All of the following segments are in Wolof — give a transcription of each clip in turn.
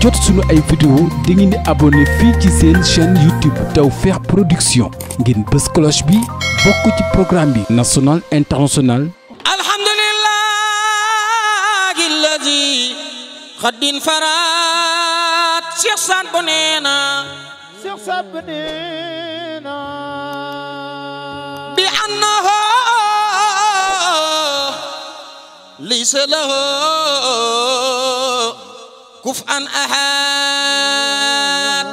jot suñu ay vidéo da ngeen di abonné fii ci seen chaîne YouTube Tawfekh Production ngeen bës cloche bi bokk ci programme bi national international alhamdulillahi alladi xaddin faraat Cheikh Saad Bou na Cheikh Saad na bi annahu laysa lahu كف أن أحد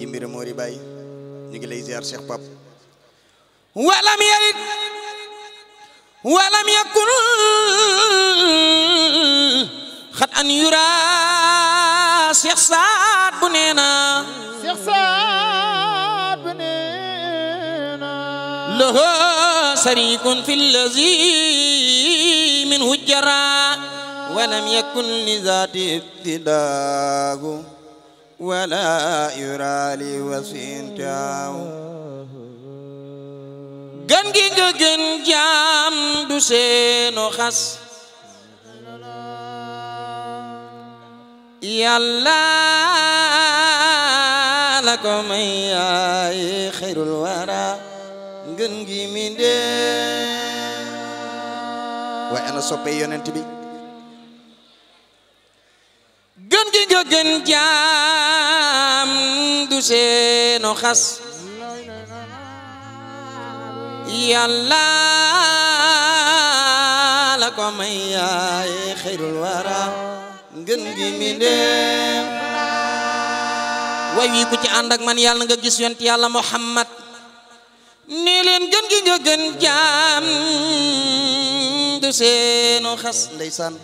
يمبر موري باي نيجي لي زيار شيخ باب ولم يلد ولم يكن خد أن يرى شيخ سعد بنينا شيخ سعد بنينا له شريك في الذي منه جرى ولم يكن لذاته ابتداه ولا يرى لي وسنتاه gën gi nga gën jaam du seenu xas yàlla la ko may ay xayrul na soppe yonent bi gën gi nga gën la ko gi mi dem way ci ànd ak yàlla nga gis yonent yàlla muhammad ne gën gi gën jaam du seenu xas ndeysaan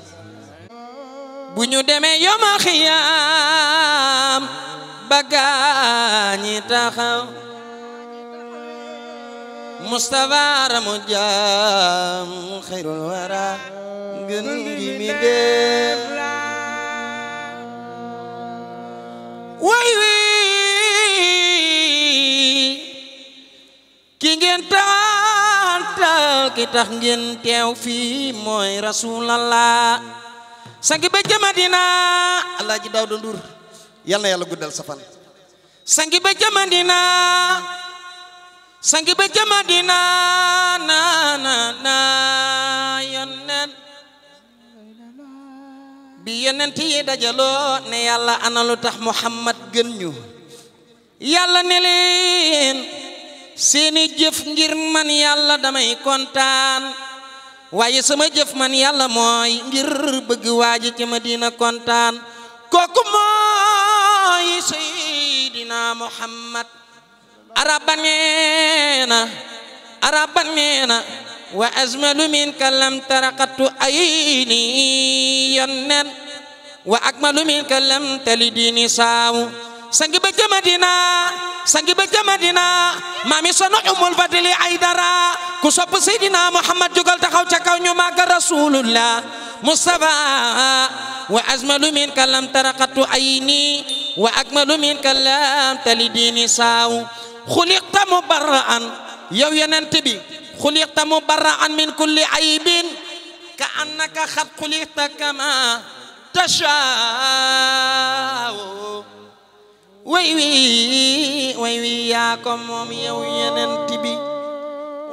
bu ñu demee yoma xiyaam ba gaañi taxaw Mustafa ramu jaam xayrul wara gën gi mi dem way wi ki ngeen taxaw ki tax ngeen teew fii mooy rasulallah sangi ba jamadina alaaji Daawda Nduur yal na yàlla guddal sa fan sangi ba jamadina sangi ba jamadina na na na yonent bi yonent yi dajaloo ne yàlla ana lu tax Muhammad gën ñu yàlla ne leen seeni jëf ngir man yàlla damay kontaan waaye sama jëf man yàlla mooy ngir bëgg waaji ci madina kontaan kooku mooy seydina muhammad araba neena araba neena wa azmalu minka lam taraqatu ayni yonnen wa akmalu minka lam talidini saawu sangi ba madina sangi ba jamadina maami sono umul fadili ay dara ku sopp seydina muhammad jógal taxaw ca kaw ñu màgg rasulullah mustafa wa azmalu min kalam taraqatu ayni wa akmalu min kalam tali diini saaw xuliqta mubarra'an yow yonent bi xuliqta mubarra'an min kulli aybin ka annaka xat xuliqta kama tashaa way wi way wi yaa ko moom yow yenent bi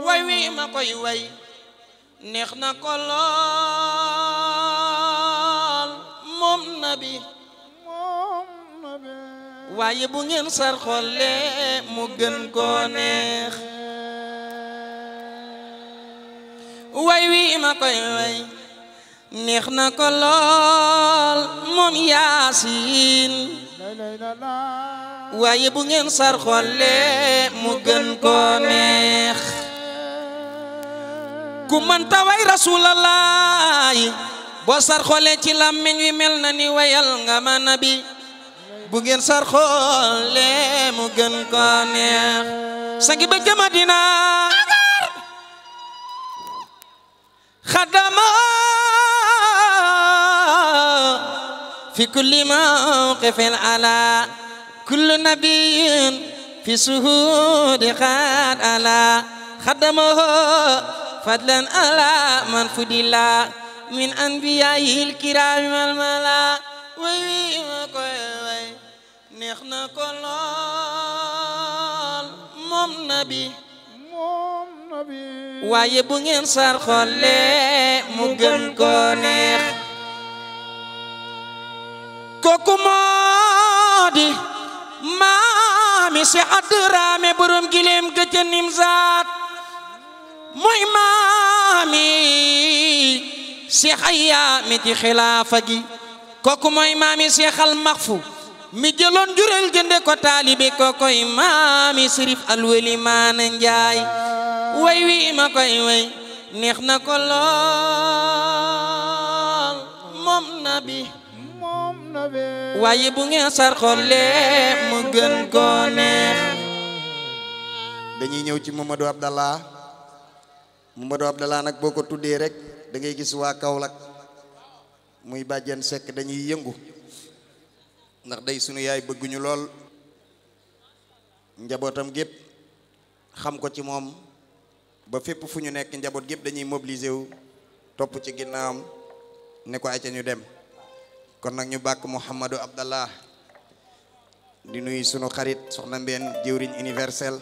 way wi ma koy way neex na ko lool moom nabi waaye bu ngeen sar xolle mu gën koo way wi ma koy way neex na ko lool moom yaasiin waaye bu ngeen sar xolle mu gën koo neex ku way rasulallah boo sar xolle ci làmmiñ wi mel na ni wayal nga ma nabi bu ngeen sar xolle mu gën koo neex sangi ba jëma dina xadama في كل موقف على كل نبي في سهود قد ألا خدمه فضلا على من فضل من أنبيائه الكرام والملا وي وي نخنا كلال مم نبي مم نبي waaye bu ngeen sar xolle mu gën ko neex kooku moo di maami si adraame borom gileem gëcca nimsaat mooy maami si xayya mi ci xilaafa gi kooku mooy maami si xal maxfu mi jëloon jureel jënde ko taalibe kookoy maami sirif alweli maana njaay way wi ma koy way neex na ko lool moom nabi waaye bu ngeen sarxolee mu gën koo neex dañuy ñëw ci Mamadou Abdallah Mamadou Abdallah nag boo ko tuddee rek da ngay gis waa Kaolack muy bàjjen sekk dañuy yëngu ndax day sunu yaay bëgguñu lool njabootam gépp xam ko ci moom ba fépp fu ñu nekk njaboot gépp dañuy mobiliser wu topp ci ginnaawam ne ko ay ñu dem kon nag ñu bàkk Mouhamadou Abdallah di nuyu sunu xarit soxna Mbène jëwriñ universel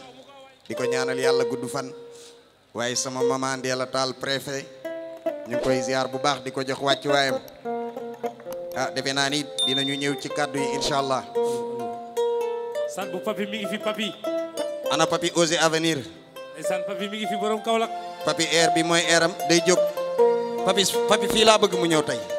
di ko ñaanal yàlla gudd fan waaye sama maman Ndéla taal préfet ñu ngi koy ziar bu baax di ko jox wàcc waayam a ah, defe naa ni dinañu ñëw ci kàddu yi incha allah. san bu papi mi ngi fi papi. ana papi Osé avenir. san papi mi ngi fi borom Kaolack. papi air bi mooy airam day jog papi papi fii laa bëgg mu ñëw tey.